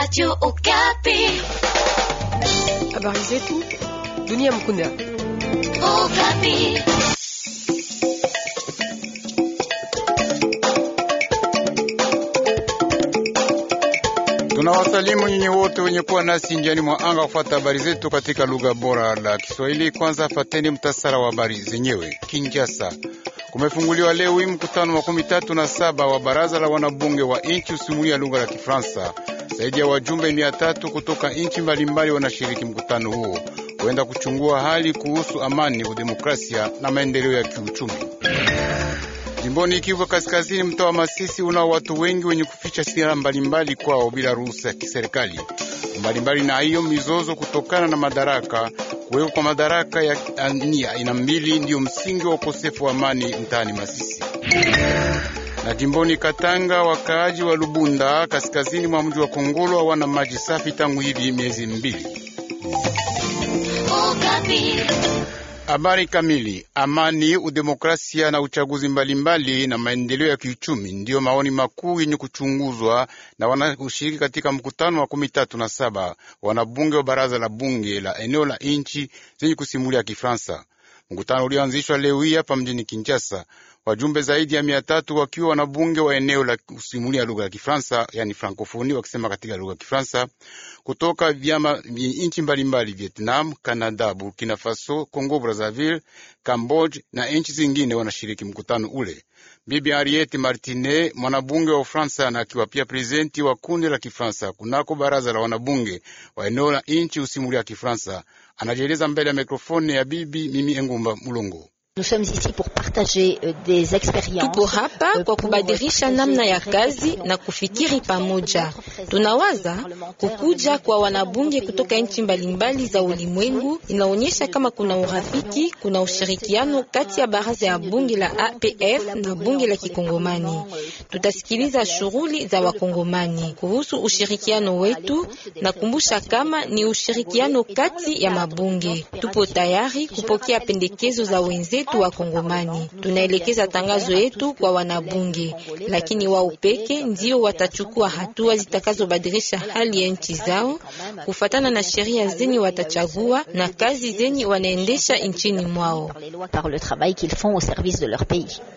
Radio Okapi. Habari zetu dunia mkunda. Okapi. Tunawasalimu nyinyi wote wenye kuwa nasi njiani mwa anga kufuata habari zetu katika lugha bora la Kiswahili. Kwanza fateni mtasara wa habari zenyewe. Kinjasa kumefunguliwa leo hii mkutano wa makumi tatu na saba wa baraza la wanabunge wa nchi ya lugha la Kifaransa. Zaidi ya wajumbe mia tatu kutoka nchi mbalimbali wanashiriki mkutano huo kwenda kuchungua hali kuhusu amani, udemokrasia na maendeleo ya kiuchumi jimboni Kivu Kaskazini. Mtaa wa Masisi unao watu wengi wenye kuficha silaha mbalimbali kwao bila ruhusa ya kiserikali mbalimbali, na hiyo mizozo kutokana na madaraka kuwekwa kwa madaraka ya ania ina mbili ndiyo msingi wa ukosefu wa amani mtaani Masisi. Na jimboni Katanga, wakaaji wa Lubunda kaskazini mwa mji wa Kongolo hawana maji safi tangu hivi miezi mbili. Habari kamili. Amani, udemokrasia na uchaguzi mbalimbali mbali na maendeleo ya kiuchumi ndiyo maoni makuu yenye kuchunguzwa na wanashiriki katika mkutano wa kumi tatu na saba wanabunge wa baraza la bunge la eneo la nchi zenye kusimulia Kifransa. Mkutano ulioanzishwa leo hii hapa mjini Kinshasa wajumbe zaidi ya mia tatu wakiwa wanabunge wa eneo la kusimulia lugha ya Kifransa, yani Frankofoni, wakisema katika lugha ya Kifransa kutoka vyama nchi mbalimbali: Vietnam, Canada, Burkina Faso, Congo Brazzaville, Cambodge na nchi zingine wanashiriki mkutano ule. Bibi Ariete Martine, mwanabunge wa Ufransa na akiwa pia prezidenti wa kundi la Kifransa kunako baraza la wanabunge wa eneo la nchi usimulia Kifransa, anajieleza mbele ya mikrofoni ya bibi Mimi Engumba Mulongo. Euh, Tupo hapa euh, kwa euh, kubadilisha namna ya kazi na kufikiri pamoja. Tunawaza kukuja kwa wanabunge kutoka nchi mbalimbali za ulimwengu inaonyesha kama kuna urafiki, kuna ushirikiano kati ya baraza ya bunge la APF na bunge la Kikongomani. Tutasikiliza shughuli za Wakongomani kuhusu ushirikiano wetu na kumbusha kama ni ushirikiano kati ya mabunge. Tupo tayari kupokea pendekezo za wenzetu wetu wa Kongomani. Tunaelekeza tangazo yetu kwa wanabunge, lakini wao peke ndio watachukua hatua zitakazobadilisha hali ya nchi zao kufatana na sheria zenye watachagua na kazi zenye wanaendesha nchini mwao.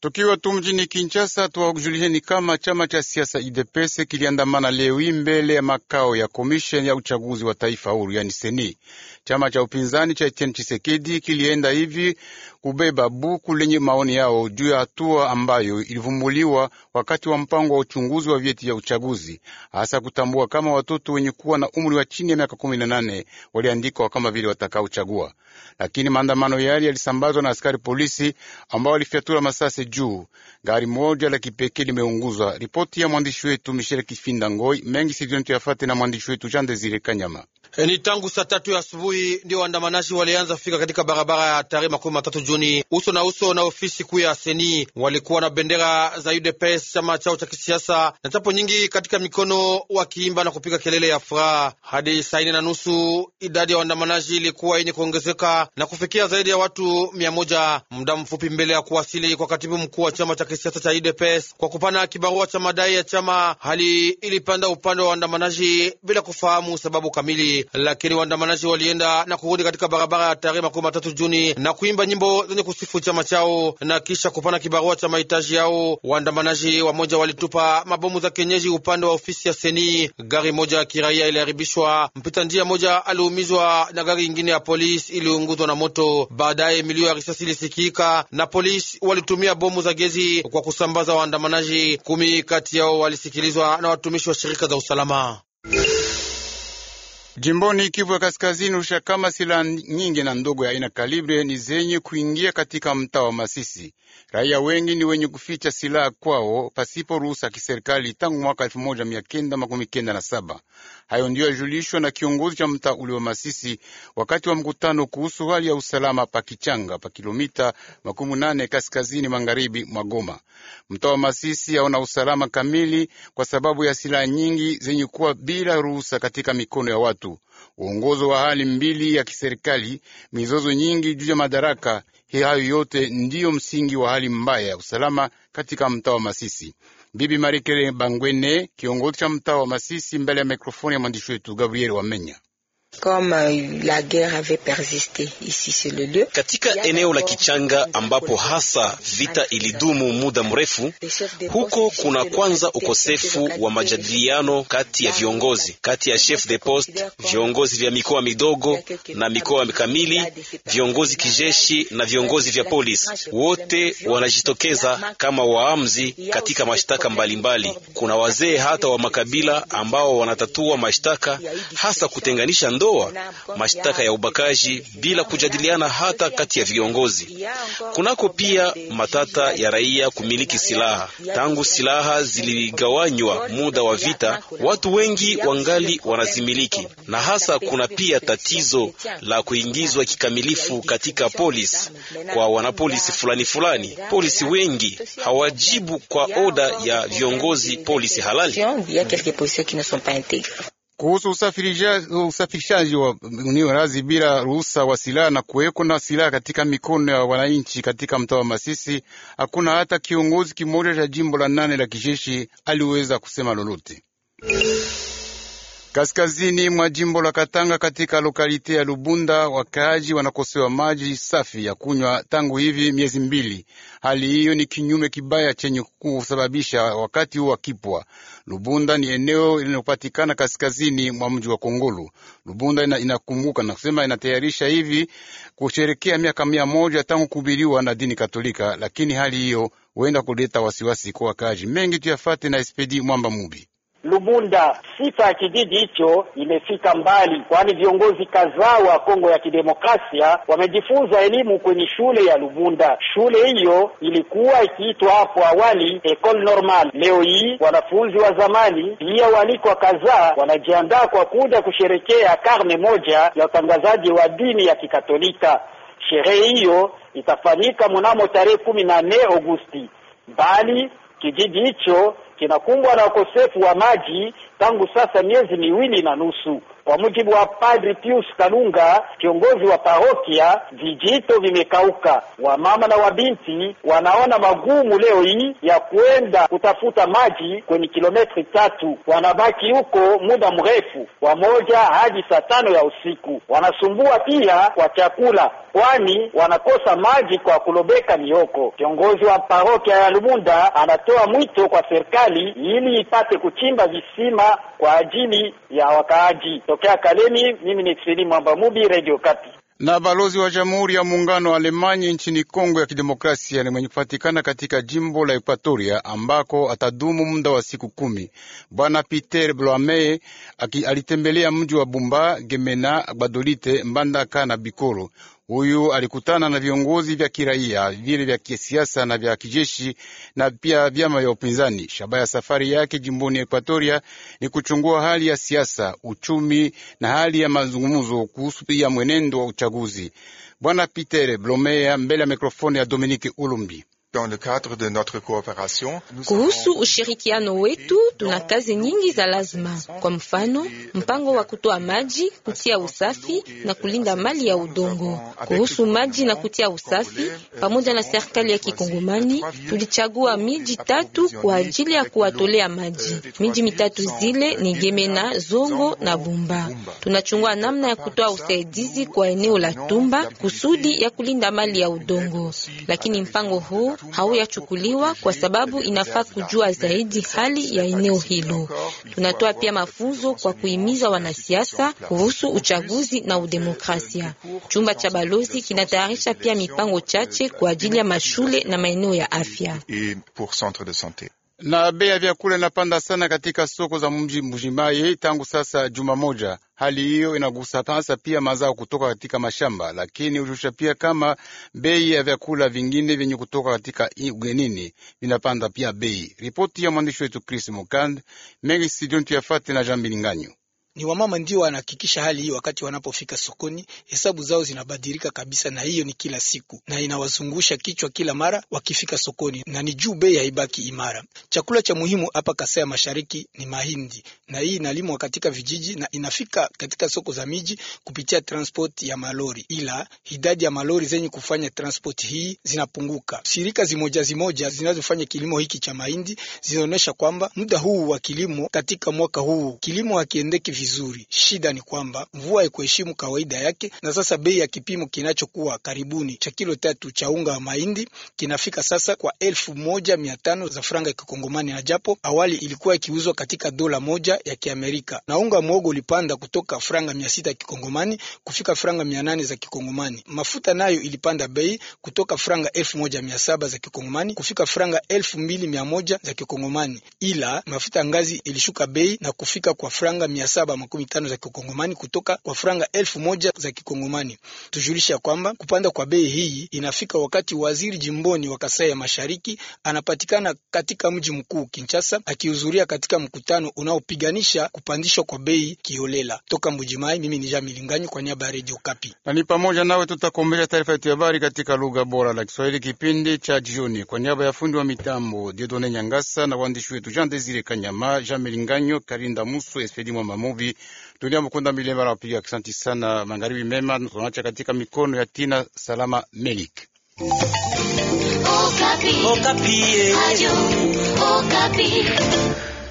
Tukiwa tu mjini Kinshasa, tuwakujulisheni kama chama cha siasa UDPS kiliandamana leo mbele ya makao ya komisheni ya uchaguzi wa taifa huru, yani seni. Chama cha upinzani cha Etienne Chisekedi kilienda hivi kubeba buku lenye maoni yao juu ya hatua ambayo ilivumbuliwa wakati wa mpango wa uchunguzi wa vyeti vya uchaguzi, hasa kutambua kama watoto wenye kuwa na umri wa chini ya miaka 18 waliandikwa kama vile watakaochagua. Lakini maandamano yale yalisambazwa na askari polisi ambao walifyatura masasi juu. Gari moja la kipekee limeunguzwa. Ripoti ya mwandishi wetu Michel Kifinda Ngoi mengi sivyontu yafate na mwandishi wetu Jean Desire Kanyama. Eh, ni tangu saa tatu ya asubuhi ndio waandamanaji walianza kufika katika barabara ya tarehe makumi matatu Juni uso na uso na ofisi kuu ya Seni. Walikuwa na bendera za UDPS chama chao cha kisiasa na chapo nyingi katika mikono, wakiimba na kupiga kelele ya furaha. Hadi saa ine na nusu idadi ya waandamanaji ilikuwa yenye kuongezeka na kufikia zaidi ya watu mia moja. Muda mfupi mbele ya kuwasili kwa katibu mkuu wa chama cha kisiasa cha UDPS kwa kupana kibarua cha madai ya chama, hali ilipanda upande wa waandamanaji bila kufahamu sababu kamili lakini waandamanaji walienda na kurudi katika barabara ya tarehe makumi matatu Juni na kuimba nyimbo zenye kusifu chama chao na kisha kupana kibarua cha mahitaji yao. Waandamanaji wamoja walitupa mabomu za kenyeji upande wa ofisi ya Seni. Gari moja ya kiraia iliharibishwa, mpita njia moja aliumizwa na gari ingine ya polisi iliunguzwa na moto. Baadaye milio ya risasi ilisikika na polisi walitumia bomu za gezi kwa kusambaza waandamanaji. Kumi kati yao walisikilizwa na watumishi wa shirika za usalama. Jimboni Kivu ya Kaskazini, usha kama silaha nyingi na ndogo ya aina kalibre ni zenye kuingia katika mtaa wa Masisi. Raia wengi ni wenye kuficha silaha kwao pasipo ruhusa ya kiserikali tangu mwaka 1997. Hayo ndiyo yajulishwa na kiongozi cha mtaa ule wa Masisi wakati wa mkutano kuhusu hali ya usalama pa Kichanga pa kilomita nane kaskazini magharibi mwa Goma. Mtaa wa Masisi haona usalama kamili kwa sababu ya silaha nyingi zenye kuwa bila ruhusa katika mikono ya watu uongozo wa hali mbili ya kiserikali, mizozo nyingi juu ya madaraka. Hayo yote ndiyo msingi wa hali mbaya ya usalama katika mtaa wa Masisi. Bibi marikele Bangwene, kiongozi cha mtaa wa Masisi, mbele ya mikrofoni ya mwandishi wetu Gabriel Wamenya. Kama euh, la guerre avait persisté ici sur le lieu. Katika eneo la Kichanga ambapo hasa vita ilidumu muda mrefu, huko kuna kwanza ukosefu wa majadiliano kati ya viongozi, kati ya chef de poste, viongozi vya mikoa midogo na mikoa kamili, viongozi kijeshi na viongozi vya polisi, wote wanajitokeza kama waamuzi katika mashtaka mbalimbali. Kuna wazee hata wa makabila ambao wanatatua mashtaka hasa kutenganisha kuondoa mashtaka ya ubakaji bila kujadiliana hata kati ya viongozi. Kunako pia matata ya raia kumiliki silaha. Tangu silaha ziligawanywa muda wa vita, watu wengi wangali wanazimiliki, na hasa kuna pia tatizo la kuingizwa kikamilifu katika polisi kwa wanapolisi fulani fulani. Polisi wengi hawajibu kwa oda ya viongozi polisi halali kuhusu usafirishaji wa niarazi bila ruhusa wa silaha na kuweko na silaha katika mikono ya wananchi katika mtaa wa Masisi, hakuna hata kiongozi kimoja cha jimbo la nane la kijeshi aliweza kusema lolote kaskazini mwa jimbo la Katanga katika lokalite ya Lubunda, wakaaji wanakosewa maji safi ya kunywa tangu hivi miezi mbili. Hali hiyo ni kinyume kibaya chenye kusababisha wakati huu wa kipwa. Lubunda ni eneo linalopatikana kaskazini mwa mji wa Kongolo. Lubunda ina, inakumbuka na kusema inatayarisha hivi kusherekea miaka mia moja tangu kuhubiriwa na dini Katolika, lakini hali hiyo huenda kuleta wasiwasi kwa wakaaji. Mengi tuyafate na SPD Mwamba Mubi. Lubunda. Sifa ya kijiji hicho imefika mbali, kwani viongozi kadhaa wa Kongo ya Kidemokrasia wamejifunza elimu kwenye shule ya Lubunda. Shule hiyo ilikuwa ikiitwa hapo awali Ecole normal Leo hii wanafunzi wa zamani pia walikwa kadhaa wanajiandaa kwa kuja kusherekea karne moja ya utangazaji wa dini ya Kikatolika. Sherehe hiyo itafanyika mnamo tarehe kumi na nne Agosti, bali kijiji hicho kinakumbwa na ukosefu wa maji tangu sasa miezi miwili na nusu. Kwa mujibu wa Padri Pius Kalunga, kiongozi wa parokia, vijito vimekauka. Wamama na wabinti wanaona magumu leo hii ya kuenda kutafuta maji kwenye kilometri tatu, wanabaki huko muda mrefu, wa moja hadi saa tano ya usiku. Wanasumbua pia kwa chakula, kwani wanakosa maji kwa kulobeka mioko. Kiongozi wa parokia ya Lumunda anatoa mwito kwa serikali ili ipate kuchimba visima kwa ajili ya wakaaji. Tokea Kalemi, mimi ni Kiseli Mwamba Mubi, Radio Kapi. Na balozi wa Jamhuri ya Muungano wa Alemani nchini Kongo ya Kidemokrasia ni mwenye kupatikana katika jimbo la Ekuatoria ambako atadumu muda wa siku kumi. Bwana Peter Bloameye alitembelea mji wa Bumba, Gemena, Gbadolite, Mbandaka na Bikoro. Huyu alikutana na viongozi vya kiraia vile vya kisiasa na vya kijeshi na pia vyama vya upinzani. Shabaha ya safari yake jimboni Ekuatoria ni kuchungua hali ya siasa, uchumi na hali ya mazungumzo kuhusu pia mwenendo wa uchaguzi. Bwana Peter Blomea mbele ya mikrofoni ya Dominiki Ulumbi. Dans le kuhusu ushirikiano wetu tuna kazi nyingi za lazima. Kwa mfano, mpango wa kutoa maji, kutia usafi na kulinda mali ya udongo. Kuhusu maji na kutia usafi, pamoja na serikali ya Kikongomani tulichagua miji tatu kwa ajili ya kuwatolea euh, maji. Miji mitatu zile euh, ni Gemena, Zongo na Bumba. Tunachungua namna ya kutoa usaidizi kwa eneo la Tumba kusudi ya kulinda mali ya udongo, lakini mpango huu hauyachukuliwa kwa sababu inafaa kujua zaidi hali ya eneo hilo. Tunatoa pia mafunzo kwa kuhimiza wanasiasa kuhusu uchaguzi na udemokrasia. Chumba cha balozi kinatayarisha pia mipango chache kwa ajili ya mashule na maeneo ya afya na bei ya vyakula inapanda sana katika soko za mji Mbujimayi tangu sasa juma moja. Hali hiyo inagusa hasa pia mazao kutoka katika mashamba, lakini hushusha pia kama bei ya vyakula vingine vyenye kutoka katika ugenini vinapanda pia bei. Ripoti ya mwandishi wetu Chris Mukand mengi sijontu yafati na Jambilinganyo ni wamama ndio wanahakikisha hali hii. Wakati wanapofika sokoni, hesabu zao zinabadilika kabisa, na hiyo ni kila siku na inawazungusha kichwa kila mara wakifika sokoni, na ni juu bei haibaki imara. Chakula cha muhimu hapa Kasaya Mashariki ni mahindi, na hii inalimwa katika vijiji na inafika katika soko za miji kupitia transport ya malori, ila idadi ya malori zenye kufanya transport hii zinapunguka. Shirika zimoja zimoja zinazofanya kilimo hiki cha mahindi zinaonyesha kwamba muda huu wa kilimo katika mwaka huu kilimo hakiendeki vizuri. Shida ni kwamba mvua haikuheshimu kawaida yake, na sasa bei ya kipimo kinachokuwa karibuni cha kilo tatu cha unga wa mahindi kinafika sasa kwa elfu moja mia tano za franga ya kikongomani, na japo awali ilikuwa ikiuzwa katika dola moja ya Kiamerika. Na unga mwogo ulipanda kutoka franga mia sita ya kikongomani kufika franga mia nane za kikongomani. Mafuta nayo ilipanda bei kutoka franga elfu moja mia saba za kikongomani kufika franga elfu mbili mia moja za kikongomani, ila mafuta ngazi ilishuka bei na kufika kwa franga mia saba saba makumi tano za kikongomani kutoka kwa franga elfu moja za kikongomani. Tujulisha kwamba kupanda kwa bei hii inafika wakati waziri jimboni wa Kasai ya Mashariki anapatikana katika mji mkuu Kinshasa akihudhuria katika mkutano unaopiganisha kupandishwa kwa bei kiolela. Toka Mbujimai, mimi ni Jami kwa niaba ya Radio Kapi, na ni pamoja nawe tutakombesha taarifa yetu ya habari katika lugha bora la Kiswahili kipindi cha jioni, kwa niaba ya fundi wa mitambo Diodone Nyangasa na waandishi wetu Jean Desire Kanyama, Jami Karinda Muso, Espedi Mwa Burundi. Dunia Mukunda Milemba anawapiga asanti sana. Magharibi mema, tunaacha katika mikono ya Tina Salama Melik. Okapi. Okapi. Eh.